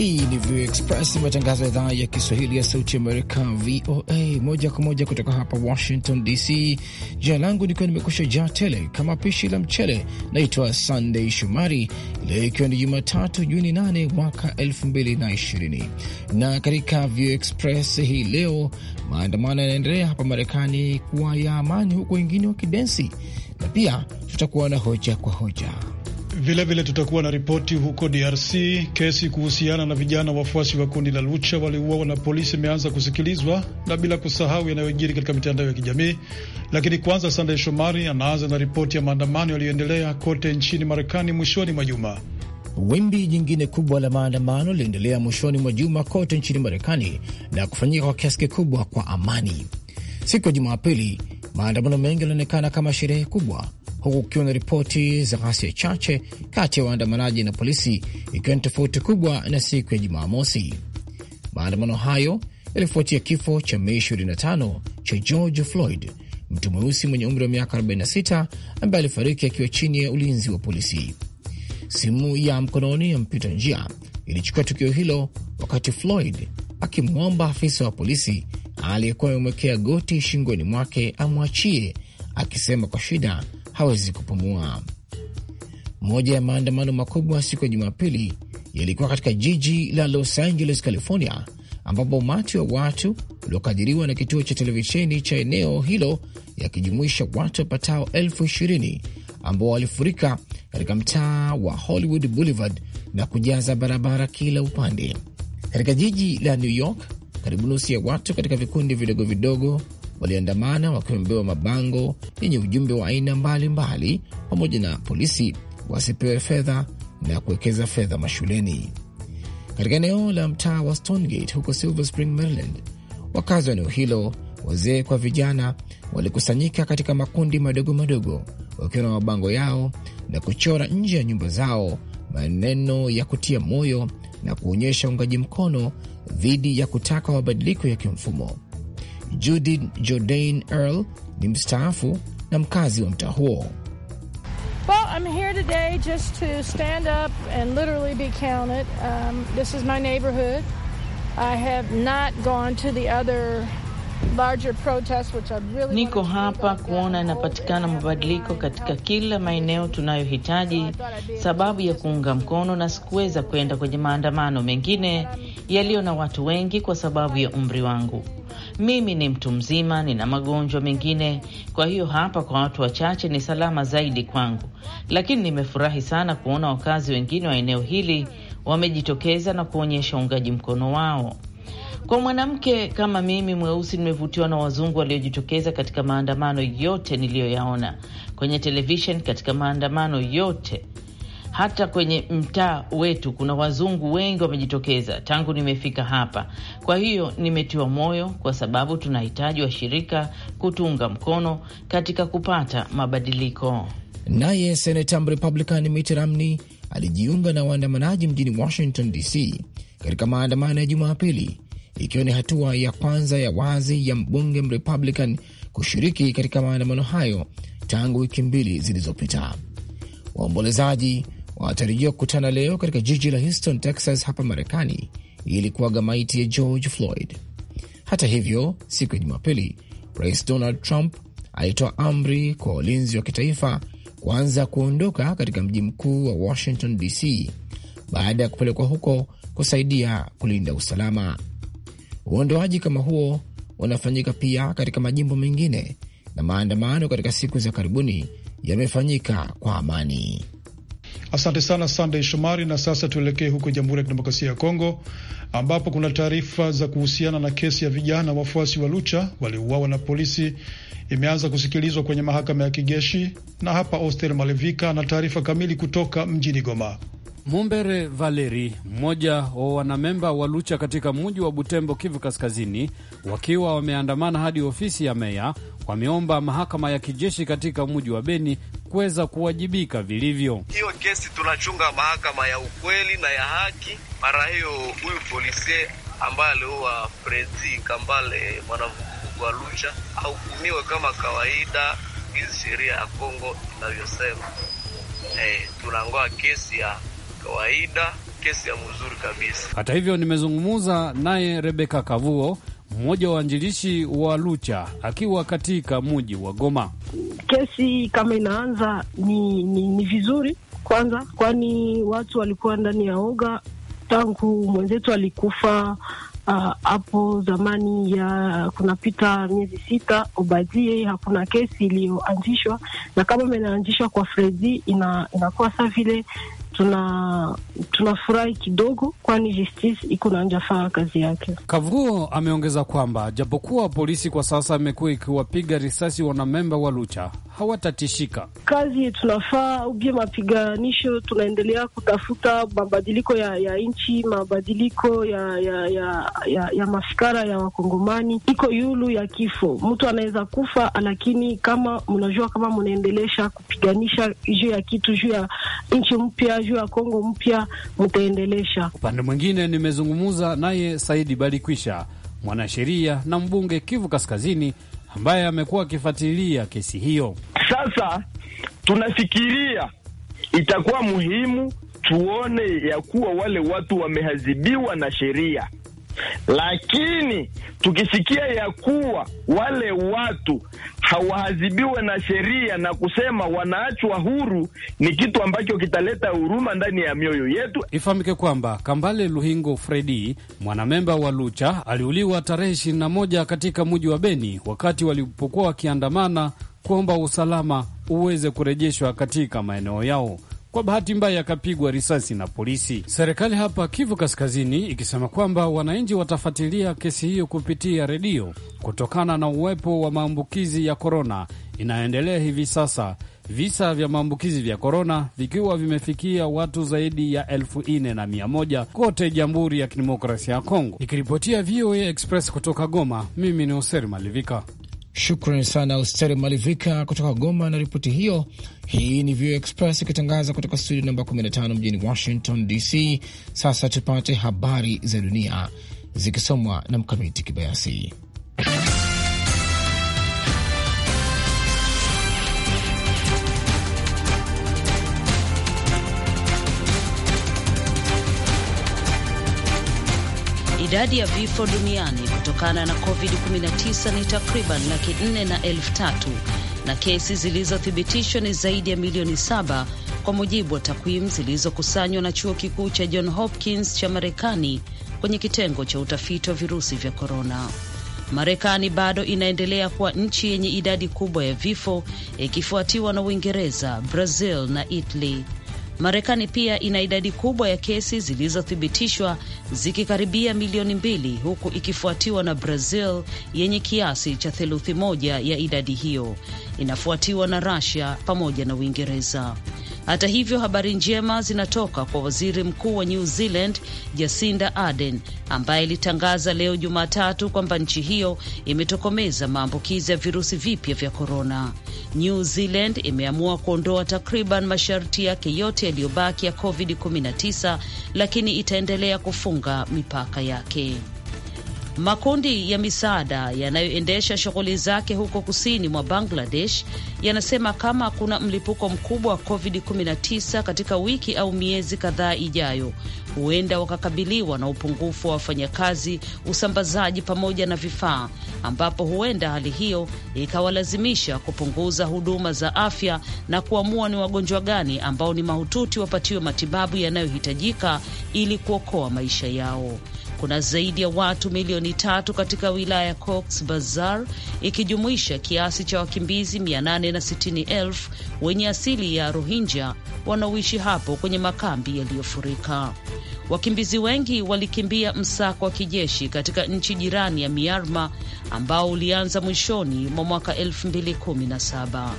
Hii ni VOA Express, matangazo ya idhaa ya Kiswahili ya sauti Amerika, VOA, moja kwa moja kutoka hapa Washington DC. Jina langu nikiwa nimekusha jaa tele kama pishi la mchele, naitwa Sunday shomari Leo ikiwa ni Jumatatu, Juni 8 mwaka 2020, na katika VOA Express hii leo, maandamano yanaendelea hapa Marekani kuwa ya amani, huku wengine wakidensi, na pia tutakuwa na hoja kwa hoja Vilevile tutakuwa na ripoti huko DRC. Kesi kuhusiana na vijana wafuasi wa kundi la Lucha waliouawa na polisi imeanza kusikilizwa na bila kusahau yanayojiri katika mitandao ya kijamii. Lakini kwanza, Sandey Shomari anaanza na ripoti ya maandamano yaliyoendelea kote nchini Marekani mwishoni mwa juma. Wimbi jingine kubwa la maandamano liliendelea mwishoni mwa juma kote nchini Marekani na kufanyika kwa kiasi kikubwa kwa amani. Siku ya Jumapili, maandamano mengi yalionekana kama sherehe kubwa huku kukiwa na ripoti za ghasia chache kati ya waandamanaji na polisi, ikiwa ni tofauti kubwa na siku ya Jumamosi. Maandamano hayo yalifuatia kifo cha Mei 25 cha George Floyd, mtu mweusi mwenye umri wa miaka 46 ambaye alifariki akiwa chini ya ulinzi wa polisi. Simu ya mkononi ya mpita njia ilichukua tukio hilo wakati Floyd akimwomba afisa wa polisi aliyekuwa amemwekea goti shingoni mwake amwachie, akisema kwa shida hawezi kupumua. Moja ya maandamano makubwa siku ya Jumapili yalikuwa katika jiji la Los Angeles, California, ambapo umati wa watu uliokadiriwa na kituo cha televisheni cha eneo hilo yakijumuisha watu wapatao elfu ishirini ambao walifurika katika mtaa wa Hollywood Boulevard na kujaza barabara kila upande. Katika jiji la New York, karibu nusu ya watu katika vikundi vidogo vidogo waliandamana wakiwa wamebeba mabango yenye ujumbe wa aina mbalimbali, pamoja na polisi wasipewe fedha na kuwekeza fedha mashuleni. Katika eneo la mtaa wa Stonegate huko Silver Spring, Maryland, wakazi wa eneo hilo, wazee kwa vijana, walikusanyika katika makundi madogo madogo wakiwa na mabango yao na kuchora nje ya nyumba zao maneno ya kutia moyo na kuonyesha uungaji mkono dhidi ya kutaka mabadiliko ya kimfumo. Well, I'm here today just to stand up and literally be counted. Um, this is my neighborhood. I have not gone to the other Really niko hapa uh, kuona inapatikana mabadiliko katika kila maeneo tunayohitaji, sababu ya kuunga mkono, na sikuweza kwenda kwenye maandamano mengine yaliyo na watu wengi kwa sababu ya umri wangu. Mimi ni mtu mzima, nina magonjwa mengine, kwa hiyo hapa kwa watu wachache ni salama zaidi kwangu, lakini nimefurahi sana kuona wakazi wengine wa eneo hili wamejitokeza na kuonyesha uungaji mkono wao. Kwa mwanamke kama mimi mweusi, nimevutiwa na wazungu waliojitokeza katika maandamano yote niliyoyaona kwenye televishen katika maandamano yote hata kwenye mtaa wetu kuna wazungu wengi wamejitokeza tangu nimefika hapa. Kwa hiyo nimetiwa moyo, kwa sababu tunahitaji washirika kutuunga mkono katika kupata mabadiliko. Naye senata Mrepublican Mitt Romney alijiunga na waandamanaji mjini Washington DC katika maandamano ya Jumapili ikiwa ni hatua ya kwanza ya wazi ya mbunge mrepublican kushiriki katika maandamano hayo tangu wiki mbili zilizopita. Waombolezaji wanatarajiwa kukutana leo katika jiji la Houston, Texas, hapa Marekani ili kuaga maiti ya George Floyd. Hata hivyo, siku ya Jumapili, Rais Donald Trump alitoa amri kwa walinzi wa kitaifa kuanza kuondoka katika mji mkuu wa Washington DC baada ya kupelekwa huko kusaidia kulinda usalama. Uondoaji kama huo unafanyika pia katika majimbo mengine na maandamano katika siku za karibuni yamefanyika kwa amani. Asante sana Sandey Shomari. Na sasa tuelekee huko Jamhuri ya Kidemokrasia ya Kongo, ambapo kuna taarifa za kuhusiana na kesi ya vijana wafuasi wa Lucha waliouawa na polisi imeanza kusikilizwa kwenye mahakama ya kijeshi. Na hapa Oster Malevika ana taarifa kamili kutoka mjini Goma. Mumbere Valeri, mmoja wa wanamemba wa Lucha katika mji wa Butembo, Kivu Kaskazini, wakiwa wameandamana hadi ofisi ya meya, wameomba mahakama ya kijeshi katika mji wa Beni kuweza kuwajibika vilivyo. Hiyo kesi tunachunga mahakama ya ukweli na ya haki. Mara hiyo huyu polisie ambaye aliua Fredi Kambale, mwanavuguvugu wa Lucha, ahukumiwe kama kawaida hizi sheria ya Kongo inavyosema. Hey, eh, tunangoa kesi ya kawaida, kesi ya mzuri kabisa. Hata hivyo, nimezungumza naye Rebeka Kavuo, mmoja wa wanjilishi wa Lucha akiwa katika muji wa Goma. Kesi kama inaanza ni, ni, ni vizuri kwanza, kwani watu walikuwa ndani ya oga tangu mwenzetu alikufa ah, hapo uh, zamani ya kunapita miezi sita. Obadie hakuna kesi iliyoanzishwa, na kama imeanzishwa kwa Fredi ina, inakuwa saa vile tuna tunafurahi kidogo, kwani justice iko na njafaa kazi yake. Kavuo ameongeza kwamba japokuwa polisi kwa sasa amekuwa ikiwapiga risasi wanamemba wa Lucha hawatatishika. Kazi tunafaa ubie mapiganisho, tunaendelea kutafuta mabadiliko ya, ya nchi, mabadiliko ya ya, ya, ya ya mafikara ya Wakongomani. Iko yulu ya kifo, mtu anaweza kufa, lakini kama mnajua kama mnaendelesha kupiganisha juu ya kitu juu ya nchi mpya juu ya Kongo mpya mtaendelesha. Upande mwingine, nimezungumza naye Saidi Balikwisha, mwanasheria na mbunge Kivu Kaskazini, ambaye amekuwa akifuatilia kesi hiyo. Sasa tunafikiria itakuwa muhimu tuone ya kuwa wale watu wamehazibiwa na sheria lakini tukisikia ya kuwa wale watu hawaadhibiwe na sheria na kusema wanaachwa huru, ni kitu ambacho kitaleta huruma ndani ya mioyo yetu. Ifahamike kwamba Kambale Luhingo Fredi, mwanamemba wa Lucha, aliuliwa tarehe 21 katika mji wa Beni wakati walipokuwa wakiandamana kuomba usalama uweze kurejeshwa katika maeneo yao kwa bahati mbaya akapigwa risasi na polisi. Serikali hapa Kivu Kaskazini ikisema kwamba wananchi watafuatilia kesi hiyo kupitia redio kutokana na uwepo wa maambukizi ya korona inayoendelea hivi sasa, visa vya maambukizi vya korona vikiwa vimefikia watu zaidi ya elfu nne na mia moja kote Jamhuri ya Kidemokrasia ya Kongo. Ikiripotia VOA Express kutoka Goma, mimi ni Hoseri Malivika. Shukran sana Austeri Malivika kutoka Goma na ripoti hiyo. Hii ni VOA Express ikitangaza kutoka studio namba 15 mjini Washington DC. Sasa tupate habari za dunia zikisomwa na Mkamiti Kibayasi. Idadi ya vifo duniani kutokana na COVID-19 ni takriban laki nne na elfu tatu na kesi zilizothibitishwa ni zaidi ya milioni saba kwa mujibu wa takwimu zilizokusanywa na chuo kikuu cha John Hopkins cha Marekani kwenye kitengo cha utafiti wa virusi vya korona. Marekani bado inaendelea kuwa nchi yenye idadi kubwa ya vifo ikifuatiwa na Uingereza, Brazil na Italy. Marekani pia ina idadi kubwa ya kesi zilizothibitishwa zikikaribia milioni mbili huku ikifuatiwa na Brazil yenye kiasi cha theluthi moja ya idadi hiyo. Inafuatiwa na rasia pamoja na Uingereza. Hata hivyo, habari njema zinatoka kwa waziri mkuu wa New Zealand Jacinda Ardern ambaye ilitangaza leo Jumatatu kwamba nchi hiyo imetokomeza maambukizi ya virusi vipya vya korona. New Zealand imeamua kuondoa takriban masharti yake yote yaliyobaki ya COVID-19 lakini itaendelea kufunga mipaka yake. Makundi ya misaada yanayoendesha shughuli zake huko kusini mwa Bangladesh yanasema kama kuna mlipuko mkubwa wa COVID-19 katika wiki au miezi kadhaa ijayo, huenda wakakabiliwa na upungufu wa wafanyakazi, usambazaji pamoja na vifaa, ambapo huenda hali hiyo ikawalazimisha kupunguza huduma za afya na kuamua ni wagonjwa gani ambao ni mahututi wapatiwe matibabu yanayohitajika ili kuokoa maisha yao kuna zaidi ya watu milioni tatu katika wilaya ya Cox Bazar ikijumuisha kiasi cha wakimbizi 860,000 wenye asili ya Rohingya wanaoishi hapo kwenye makambi yaliyofurika. Wakimbizi wengi walikimbia msako wa kijeshi katika nchi jirani ya Myanmar ambao ulianza mwishoni mwa mwaka 2017.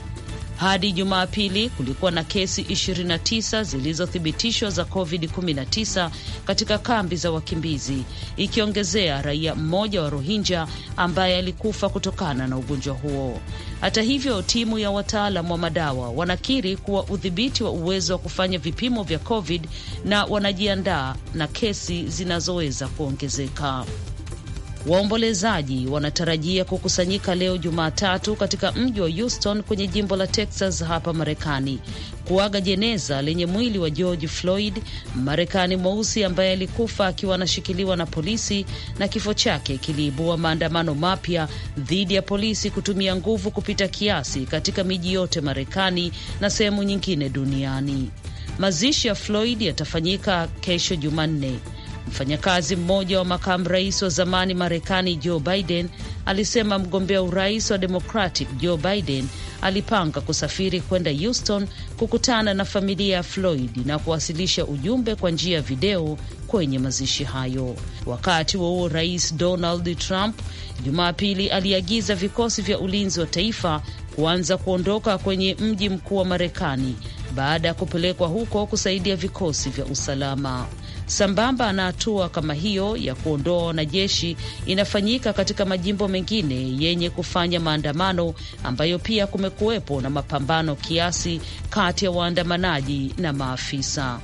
Hadi Jumapili kulikuwa na kesi 29 zilizothibitishwa za COVID-19 katika kambi za wakimbizi, ikiongezea raia mmoja wa Rohingya ambaye alikufa kutokana na ugonjwa huo. Hata hivyo, timu ya wataalam wa madawa wanakiri kuwa udhibiti wa uwezo wa kufanya vipimo vya COVID na wanajiandaa na kesi zinazoweza kuongezeka. Waombolezaji wanatarajia kukusanyika leo Jumatatu katika mji wa Houston kwenye jimbo la Texas hapa Marekani kuaga jeneza lenye mwili wa George Floyd, Marekani mweusi ambaye alikufa akiwa anashikiliwa na polisi, na kifo chake kiliibua maandamano mapya dhidi ya polisi kutumia nguvu kupita kiasi katika miji yote Marekani na sehemu nyingine duniani. Mazishi ya Floyd yatafanyika kesho Jumanne. Mfanyakazi mmoja wa makamu rais wa zamani Marekani Joe Biden alisema mgombea urais wa Democratic Joe Biden alipanga kusafiri kwenda Houston kukutana na familia ya Floyd na kuwasilisha ujumbe kwa njia ya video kwenye mazishi hayo. Wakati wa huo, Rais Donald Trump Jumapili aliagiza vikosi vya ulinzi wa taifa kuanza kuondoka kwenye mji mkuu wa Marekani baada ya kupelekwa huko kusaidia vikosi vya usalama. Sambamba na hatua kama hiyo ya kuondoa wanajeshi inafanyika katika majimbo mengine yenye kufanya maandamano, ambayo pia kumekuwepo na mapambano kiasi kati ya waandamanaji na maafisa.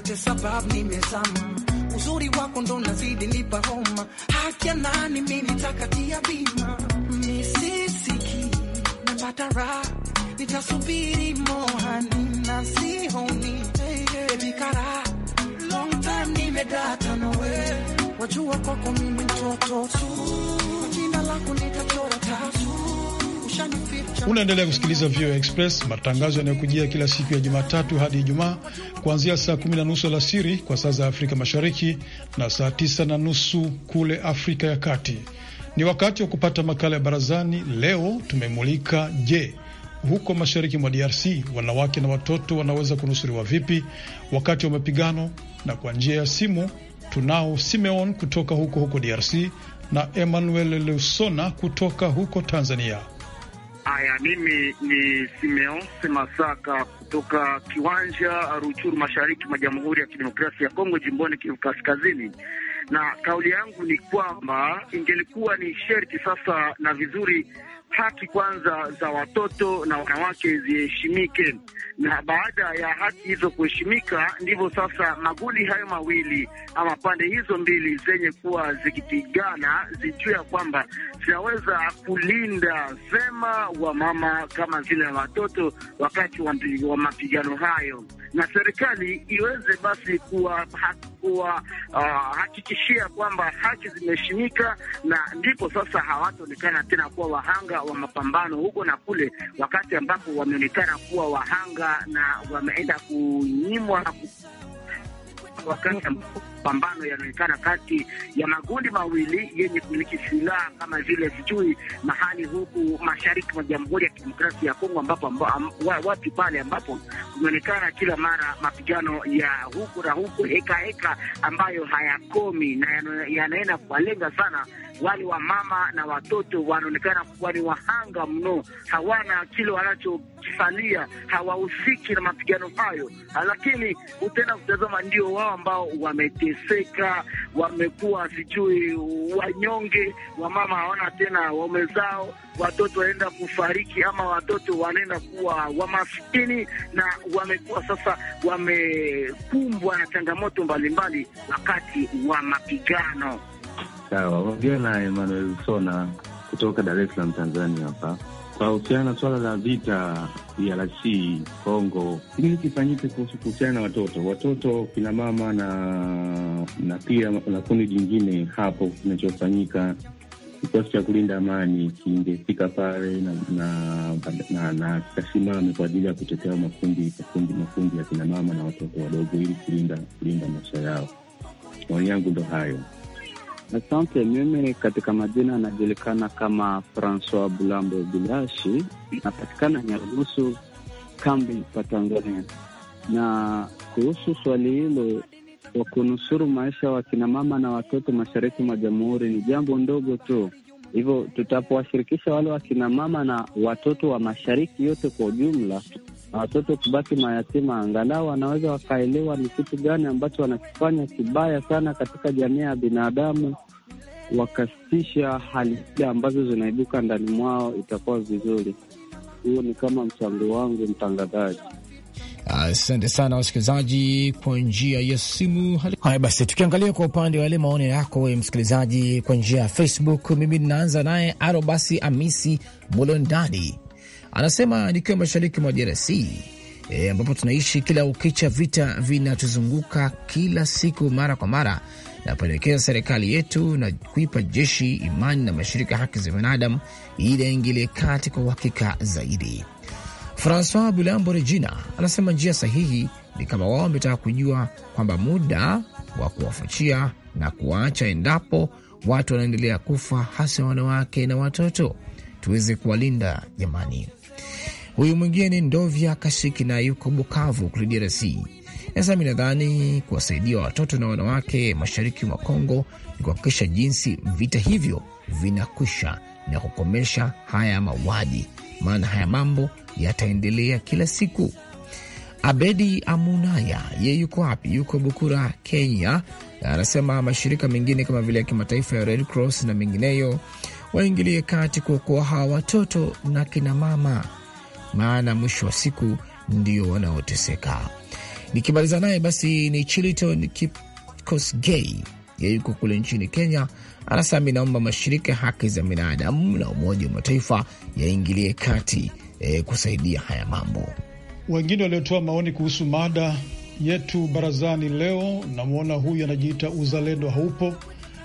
yote sababu nimezama, uzuri wako ndo nazidi nipa homa, haki ya nani mi nitakatia bima, nisisiki napata raha, nitasubiri mohani na sihoni ebikara long time nimedata nawe, wajua kwako mimi mtoto tu, jina lako nitachora tatu Unaendelea kusikiliza VOA Express, matangazo yanayokujia kila siku ya Jumatatu hadi Ijumaa kuanzia saa kumi na nusu alasiri kwa saa za Afrika Mashariki na saa tisa na nusu kule Afrika ya Kati. Ni wakati wa kupata makala ya Barazani. Leo tumemulika, je, huko mashariki mwa DRC wanawake na watoto wanaweza kunusuriwa vipi wakati wa mapigano? Na kwa njia ya simu tunao Simeon kutoka huko huko DRC na Emmanuel Lusona kutoka huko Tanzania. Haya, mimi ni simeon semasaka kutoka kiwanja Ruchuru, mashariki mwa Jamhuri ya Kidemokrasia ya Kongo, jimboni Kivu Kaskazini, na kauli yangu ni kwamba ingelikuwa ni sherti sasa na vizuri haki kwanza za watoto na wanawake ziheshimike, na baada ya haki hizo kuheshimika, ndivyo sasa maguli hayo mawili ama pande hizo mbili zenye kuwa zikipigana zijue ya kwamba zinaweza kulinda vema wamama kama vile na watoto wakati wa mapigano hayo na serikali iweze basi kuwahakikishia ah, uh, kwamba haki zimeheshimika, na ndipo sasa hawataonekana tena kuwa wahanga wa mapambano huko na kule, wakati ambapo wameonekana kuwa wahanga na wameenda kunyimwa na wakati pambano yanaonekana kati ya makundi mawili yenye kumiliki silaha kama vile sijui mahali huku mashariki mwa Jamhuri ya Kidemokrasia ya Kongo, ambapo amba, watu pale ambapo kumeonekana kila mara mapigano ya huku na huku heka heka ambayo hayakomi na yanaenda kuwalenga sana wale wa mama na watoto wanaonekana kuwa ni wahanga mno, hawana kile wanachokisalia, hawahusiki na mapigano hayo, ah, lakini utaenda kutazama, ndio wao ambao wameteseka, wamekuwa sijui wanyonge, wamama hawana tena waume zao, watoto wanaenda kufariki ama watoto wanaenda kuwa wamaskini, na wamekuwa sasa wamekumbwa na changamoto mbalimbali wakati wa mapigano. Sawa, ongea na Emmanuel Sona kutoka Dar es Salaam, Tanzania hapa kwahusiana na swala la vita DRC Congo, nini kifanyike kuhusiana na watoto watoto, kina mama na na pia na kundi jingine hapo, kinachofanyika kikosi cha kulinda amani kingefika pale na na na kasimame kwa ajili ya kutetea makundi makundi makundi ya kina mama na watoto wadogo, ili kulinda kulinda maisha yao. Maoni yangu ndo hayo. Asante. Mimi katika majina anajulikana kama Francois Bulambo Bilashi, napatikana Nyarugusu, kambi pa Tanzania. Na kuhusu swali hilo wa kunusuru maisha wa wakinamama na watoto mashariki mwa jamhuri ni jambo ndogo tu, hivyo tutapowashirikisha wale wakinamama na watoto wa mashariki yote kwa ujumla, na watoto kubaki mayatima, angalau wanaweza wakaelewa ni kitu gani ambacho wanakifanya kibaya sana katika jamii ya binadamu, wakasitisha hali zile ambazo zinaibuka ndani mwao, itakuwa vizuri. Huo ni kama mchango wangu, mtangazaji. Asante uh, sana wasikilizaji kwa njia ya simu. Haya basi, tukiangalia kwa upande wa yale maoni yako we msikilizaji kwa njia ya Facebook, mimi ninaanza naye Arobasi Amisi Molondadi Anasema nikiwa mashariki mwa DRC e, ambapo e, tunaishi kila ukicha, vita vinatuzunguka kila siku, mara kwa mara, na serikali yetu na kuipa jeshi imani na mashirika haki za binadamu ili yaingilie kati kwa uhakika zaidi. Francois Bulambo Regina anasema njia sahihi ni kama wao wametaka kujua kwamba muda wa kuwafuchia na kuwaacha, endapo watu wanaendelea kufa, hasa wanawake na watoto tuweze kuwalinda jamani. Huyu mwingine ni Ndovya Kashiki na yuko Bukavu kule DRC, mi nadhani kuwasaidia watoto na wanawake mashariki mwa Kongo ni kuhakikisha jinsi vita hivyo vinakwisha na kukomesha haya mauaji, maana haya mambo yataendelea kila siku. Abedi Amunaya ye yuko wapi? Yuko Bukura, Kenya, anasema mashirika mengine kama vile ya kimataifa ya Red Cross na mengineyo waingilie kati kuokoa hawa watoto na kina mama, maana mwisho wa siku ndio wanaoteseka. Nikimaliza naye basi ni Chiliton Kipkosgei, yeye yuko kule nchini Kenya. Anasema naomba mashirika ya haki za binadamu na Umoja wa Mataifa yaingilie kati e, kusaidia haya mambo. Wengine waliotoa maoni kuhusu mada yetu barazani leo, namwona huyu anajiita uzalendo haupo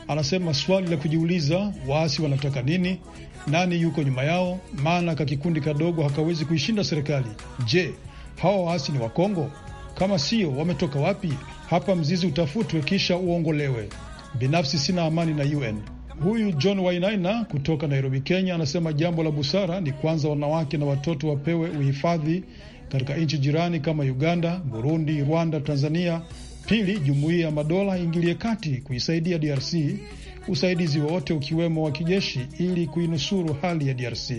Anasema swali la kujiuliza, waasi wanataka nini? Nani yuko nyuma yao? Maana ka kikundi kadogo hakawezi kuishinda serikali. Je, hawa waasi ni Wakongo? Kama sio, wametoka wapi? Hapa mzizi utafutwe, kisha uongolewe. Binafsi sina amani na UN. Huyu John Wainaina kutoka Nairobi, Kenya, anasema jambo la busara ni kwanza wanawake na watoto wapewe uhifadhi katika nchi jirani kama Uganda, Burundi, Rwanda, Tanzania Pili, jumuiya ya madola iingilie kati kuisaidia DRC usaidizi wowote ukiwemo wa kijeshi ili kuinusuru hali ya DRC.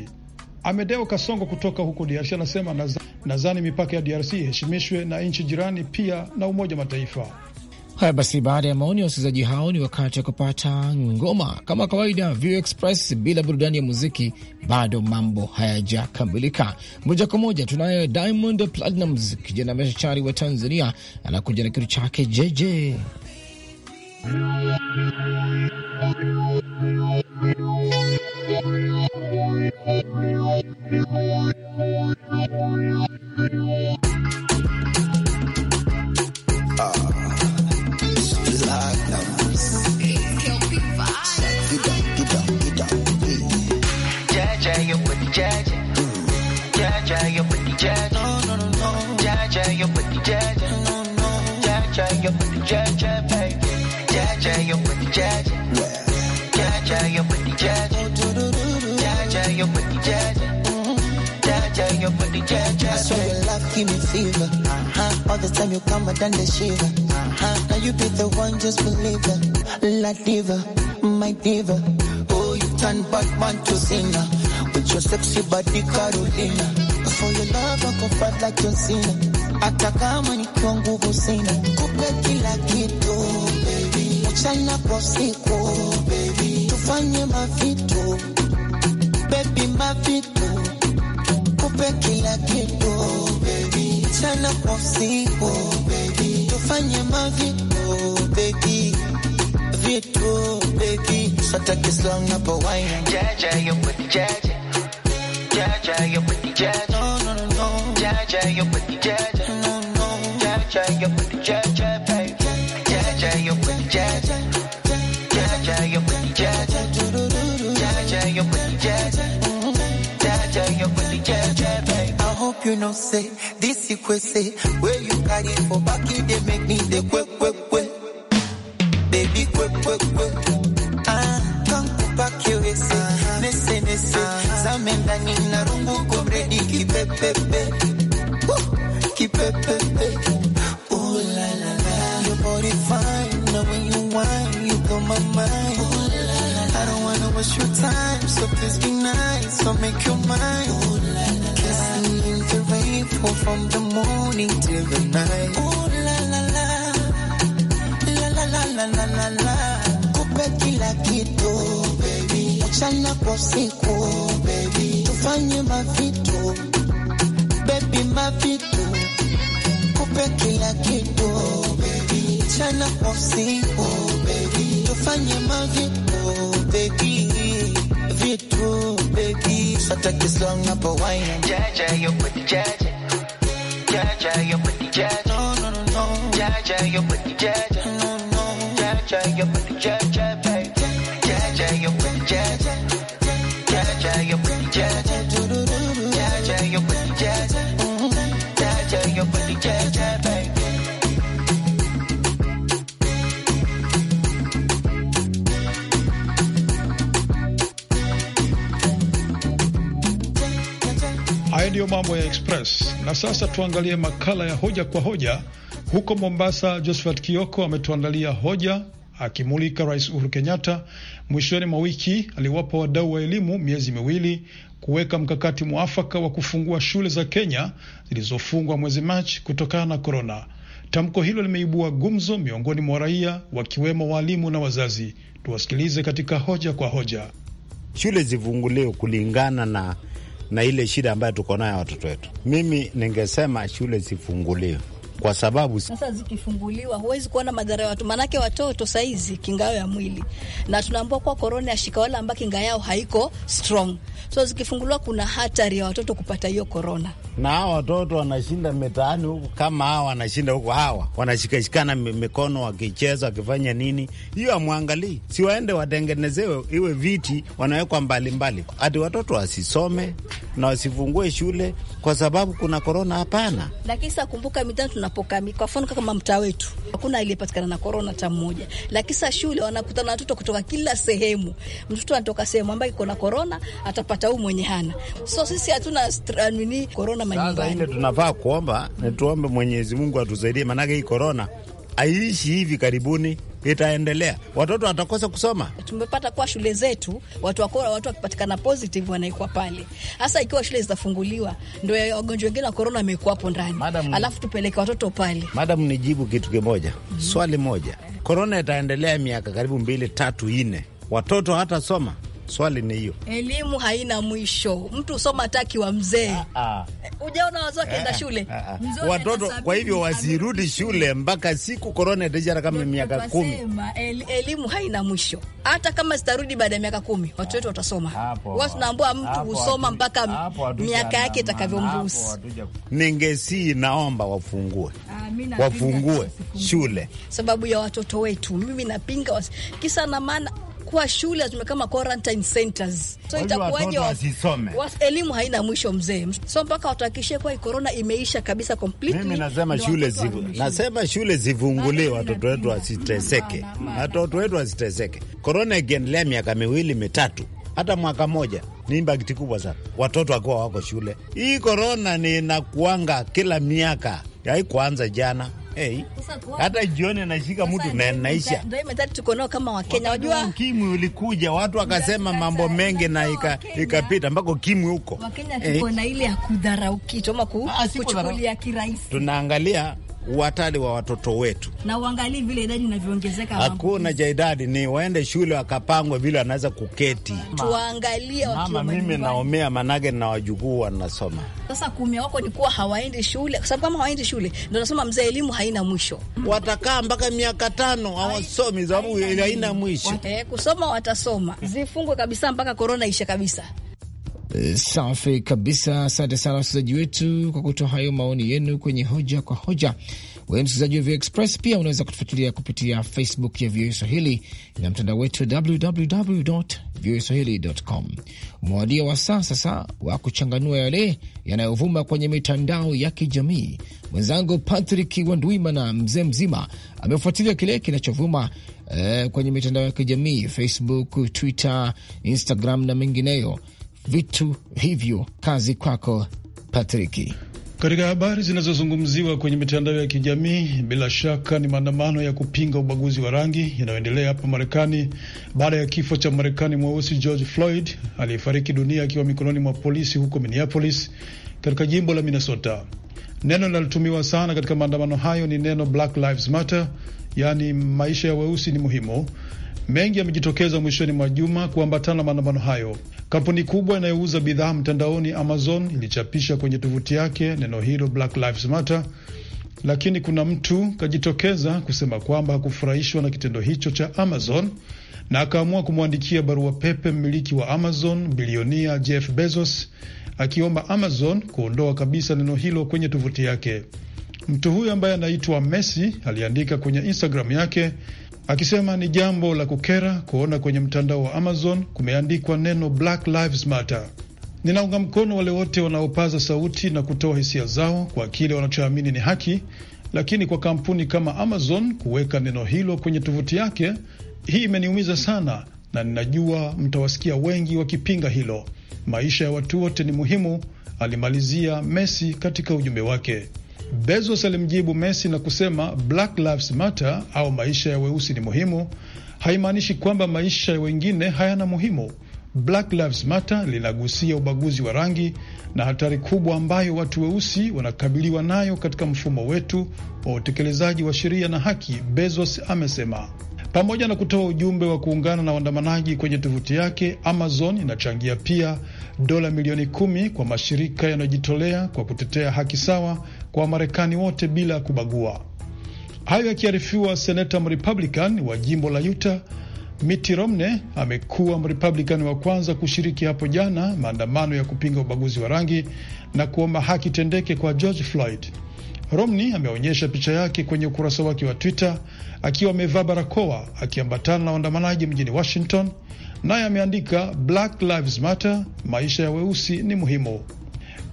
Amedeo Kasongo kutoka huko DRC anasema, nadhani mipaka ya DRC iheshimishwe na nchi jirani pia na Umoja Mataifa. Haya basi, baada ya maoni ya wasikilizaji hao, ni wakati wa kupata ngoma. Kama kawaida, View Express bila burudani ya muziki bado mambo hayajakamilika. Moja kwa moja tunaye Diamond Platnumz, kijana mashachari wa Tanzania, anakuja na kitu chake jeje jaja. Jaja, your booty jaja. No, no, no, no. Jaja, your booty jaja. No, no. Jaja, your booty jaja, baby. Jaja, your booty jaja. Jaja, your booty jaja. Jaja, your booty jaja. Jaja, your booty jaja. I saw your love give me fever. Uh-huh. All the time you come, I done the shiver. Uh-huh. Now you be the one, just believe it. diva, my diva. Oh, you turn bad man to singer. Your sexy body Carolina, for your love niko fat like your sina, hata kama nikiwa nguvu sina, kupe kila kitu mchana kwa siku tufanye mavitu baby, mavitu, kupe kila kitu mchana kwa siku tufanye mavitu baby vitu baby, sataki slang na bawaina jaja yo with jaja No, no, no. No, baby. I hope you know, say, this you say, where you it for back, they make me the quick, quick. Oh la la la your fine you whine you blow my mind la la I don't wanna waste your time so please be nice so make la la in the from the morning till the night la la la la la la la la la baby baby nifanye mavito bebi, baby, kupe kila kitu chana kwa usiku tufanye mavito bebi vitu bebi sataki song hapo waina jaja yo kuti jaja jaja yo kuti jaja no no no jaja yo kuti jaja no no jaja yo kuti jaja mambo ya Express. Na sasa tuangalie makala ya hoja kwa hoja. Huko Mombasa, Josephat Kioko ametuandalia hoja akimulika Rais Uhuru Kenyatta mwishoni mwa wiki aliwapa wadau wa elimu miezi miwili kuweka mkakati mwafaka wa kufungua shule za Kenya zilizofungwa mwezi Machi kutokana na korona. Tamko hilo limeibua gumzo miongoni mwa raia, wakiwemo waalimu na wazazi. Tuwasikilize katika hoja kwa hoja. Shule zifunguliwe kulingana na na ile shida ambayo tuko nayo watoto wetu. Mimi ningesema shule zifunguliwe kwa sababu sasa zikifunguliwa huwezi kuona madhara ya watu, maanake watoto saizi kinga yao ya mwili, na tunaambua kuwa korona yashika wale ambao kinga yao haiko strong, so zikifunguliwa kuna hatari ya watoto kupata hiyo korona na hawa watoto wanashinda mitaani huku, kama hawa wanashinda huku, hawa wanashikashikana mikono wakicheza, wakifanya nini, hiyo amwangalii. Si waende watengenezewe iwe viti, wanawekwa mbalimbali, hati watoto wasisome na wasifungue shule kwa sababu kuna korona? Hapana, lakini sa kumbuka mitaani tunapokami, kwa mfano kama mtaa wetu hakuna aliyepatikana na korona hata mmoja, lakini sa shule wanakutana watoto kutoka kila sehemu. Mtoto anatoka sehemu ambayo iko na korona atapata huu mwenye hana. So sisi hatuna nini korona manyumbani. Sasa ile tunafaa kuomba, tuombe Mwenyezi Mungu atusaidie, maanake hii korona aiishi hivi karibuni itaendelea, watoto watakosa kusoma. Tumepata kuwa shule zetu watu wakora, watu wakipatikana positive wanaikuwa pale, hasa ikiwa shule zitafunguliwa, ndio wagonjwa wengine wa korona wamekuwa hapo ndani, alafu tupeleke watoto pale. Madam, nijibu kitu kimoja, mm -hmm. swali moja, korona itaendelea miaka karibu mbili tatu nne, watoto hata soma Swali ni hiyo, elimu haina mwisho. Mtu usoma taki wa mzee, ah, ah. ujaona wazo akienda eh, shule eh, eh. watoto. Kwa hivyo wasirudi shule mpaka siku korona itajara kama miaka kumi. El, elimu haina mwisho, hata kama zitarudi baada ya miaka kumi watoto wetu ah, watasoma. Huwa tunaambua mtu husoma mpaka miaka yake itakavyomruhusu. Ningesii naomba wafungue wafungue shule sababu ya watoto wetu. Mimi napinga kisa na maana kuwa shule hazime kama quarantine centers, so itakuwaje wasisome? Elimu haina mwisho mzee, so mpaka watuhakikishie kuwa corona imeisha kabisa completely. Mimi nasema shule zivu, nasema shule zivunguliwe, watoto wetu wasiteseke, watoto wetu wasiteseke. Corona ikiendelea miaka miwili mitatu hata mwaka moja ni impact kubwa sana, watoto wakiwa wako shule. Hii korona ni inakuanga kila miaka, haikuanza jana hey, hata jioni nashika mtu na naisha. Tuko nao kama Wakenya, wajua ukimwi ulikuja watu wakasema mambo mengi na ikapita mpaka ukimwi huko. Wakenya eh? tuko na ile ya kudharau kitu ama ah, kuchukulia kirahisi, tunaangalia uhatari wa watoto wetu, na uangalie vile idadi inavyoongezeka. Hakuna cha idadi, ni waende shule wakapangwa vile wanaweza kuketi. Tuangalie mama, mimi naomea, manage na wajukuu wanasoma. Sasa kumia wako ni kuwa hawaendi shule, kwa sababu kama hawaendi shule ndio nasema mzee, elimu haina mwisho. Watakaa mpaka miaka tano hawasomi, sababu haina mwisho. Kusoma watasoma, zifungwe kabisa mpaka korona ishe kabisa. Safi kabisa, asante sana wasikilizaji wetu kwa kutoa hayo maoni yenu kwenye hoja kwa hoja. Wewe msikilizaji wa VOA Express pia unaweza kutufuatilia kupitia Facebook ya VOA Swahili na mtandao wetu www voa swahilicom. mwalia wa saa sasa wa kuchanganua yale yanayovuma kwenye mitandao ya kijamii. Mwenzangu Patrick na mzee mzima, amefuatilia kile kinachovuma eh, kwenye mitandao ya kijamii Facebook, Twitter, Instagram na mengineyo vitu hivyo. Kazi kwako Patriki. Katika habari zinazozungumziwa kwenye mitandao ya kijamii, bila shaka ni maandamano ya kupinga ubaguzi wa rangi yanayoendelea hapa Marekani baada ya kifo cha Marekani mweusi George Floyd aliyefariki dunia akiwa mikononi mwa polisi huko Minneapolis katika jimbo la Minnesota. Neno linalotumiwa sana katika maandamano hayo ni neno Black Lives Matter, yaani maisha ya weusi ni muhimu Mengi yamejitokeza mwishoni mwa juma kuambatana na maandamano hayo. Kampuni kubwa inayouza bidhaa mtandaoni Amazon ilichapisha kwenye tovuti yake neno hilo Black Lives Matter, lakini kuna mtu kajitokeza kusema kwamba hakufurahishwa na kitendo hicho cha Amazon na akaamua kumwandikia barua pepe mmiliki wa Amazon bilionia Jeff Bezos akiomba Amazon kuondoa kabisa neno hilo kwenye tovuti yake. Mtu huyo ambaye anaitwa Messi aliandika kwenye Instagram yake akisema ni jambo la kukera kuona kwenye mtandao wa Amazon kumeandikwa neno Black Lives Matter. Ninaunga mkono wale wote wanaopaza sauti na kutoa hisia zao kwa kile wanachoamini ni haki, lakini kwa kampuni kama Amazon kuweka neno hilo kwenye tovuti yake, hii imeniumiza sana, na ninajua mtawasikia wengi wakipinga hilo. Maisha ya watu wote ni muhimu, alimalizia Messi katika ujumbe wake. Bezos alimjibu Messi na kusema Black Lives Matter au maisha ya weusi ni muhimu, haimaanishi kwamba maisha ya wengine hayana muhimu. Black Lives Matter linagusia ubaguzi wa rangi na hatari kubwa ambayo watu weusi wanakabiliwa nayo katika mfumo wetu wa utekelezaji wa sheria na haki, Bezos amesema. Pamoja na kutoa ujumbe wa kuungana na waandamanaji kwenye tovuti yake, Amazon inachangia pia dola milioni kumi kwa mashirika yanayojitolea kwa kutetea haki sawa kwa Wamarekani wote bila kubagua. Hayo yakiarifiwa, seneta Mrepublican wa jimbo la Utah Mitt Romney amekuwa Mrepublican wa kwanza kushiriki hapo jana maandamano ya kupinga ubaguzi wa rangi na kuomba haki tendeke kwa George Floyd. Romney ameonyesha picha yake kwenye ukurasa wake wa Twitter akiwa amevaa barakoa akiambatana na waandamanaji mjini Washington, naye ameandika Black Lives Matter, maisha ya weusi ni muhimu.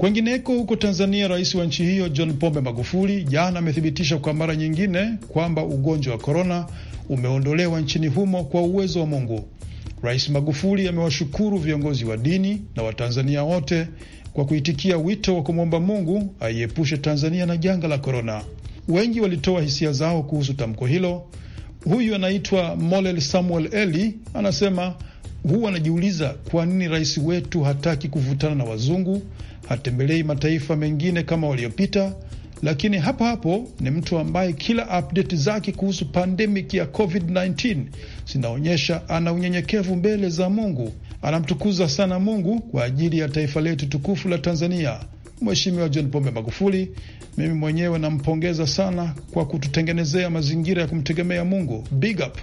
Kwengineko huko Tanzania, rais wa nchi hiyo John Pombe Magufuli jana amethibitisha kwa mara nyingine kwamba ugonjwa wa korona umeondolewa nchini humo kwa uwezo wa Mungu. Rais Magufuli amewashukuru viongozi wa dini na Watanzania wote kwa kuitikia wito wa kumwomba Mungu aiepushe Tanzania na janga la korona. Wengi walitoa hisia zao kuhusu tamko hilo. Huyu anaitwa Molel Samuel Eli, anasema huwa anajiuliza kwa nini rais wetu hataki kuvutana na wazungu hatembelei mataifa mengine kama waliopita, lakini hapo hapo ni mtu ambaye kila update zake kuhusu pandemic ya COVID-19 zinaonyesha ana unyenyekevu mbele za Mungu. Anamtukuza sana Mungu kwa ajili ya taifa letu tukufu la Tanzania. Mheshimiwa John Pombe Magufuli, mimi mwenyewe nampongeza sana kwa kututengenezea mazingira ya kumtegemea Mungu. Big up.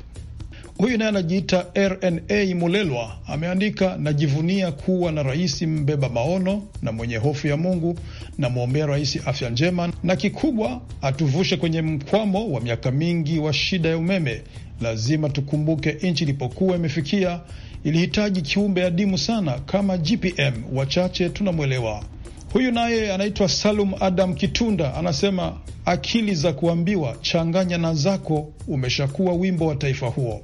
Huyu naye anajiita RNA Mulelwa ameandika, najivunia kuwa na rais mbeba maono na mwenye hofu ya Mungu. Namwombea rais afya njema, na kikubwa atuvushe kwenye mkwamo wa miaka mingi wa shida ya umeme. Lazima tukumbuke nchi ilipokuwa imefikia, ilihitaji kiumbe adimu sana kama GPM. Wachache tunamwelewa. Huyu naye anaitwa Salum Adam Kitunda, anasema akili za kuambiwa changanya na zako umeshakuwa wimbo wa taifa huo.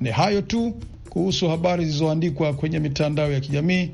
Ni hayo tu kuhusu habari zilizoandikwa kwenye mitandao ya kijamii.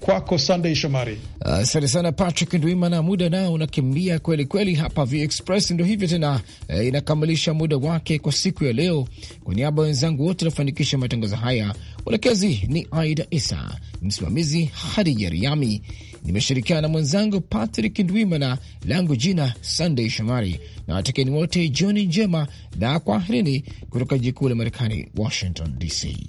Kwako sandey Shomari. Asante uh, sana Patrick Ndwimana. Muda nao unakimbia kweli kweli hapa V Express, ndo hivyo tena, eh, inakamilisha muda wake kwa siku ya leo. Kwa niaba ya wenzangu wote wanafanikisha matangazo haya, Mwelekezi ni Aida Isa, msimamizi Hadija Riami. Nimeshirikiana na mwenzangu Patrick Ndwimana, langu jina sandey Shomari na watekeni wote jioni njema na kwaherini, kutoka jikuu la Marekani, Washington DC.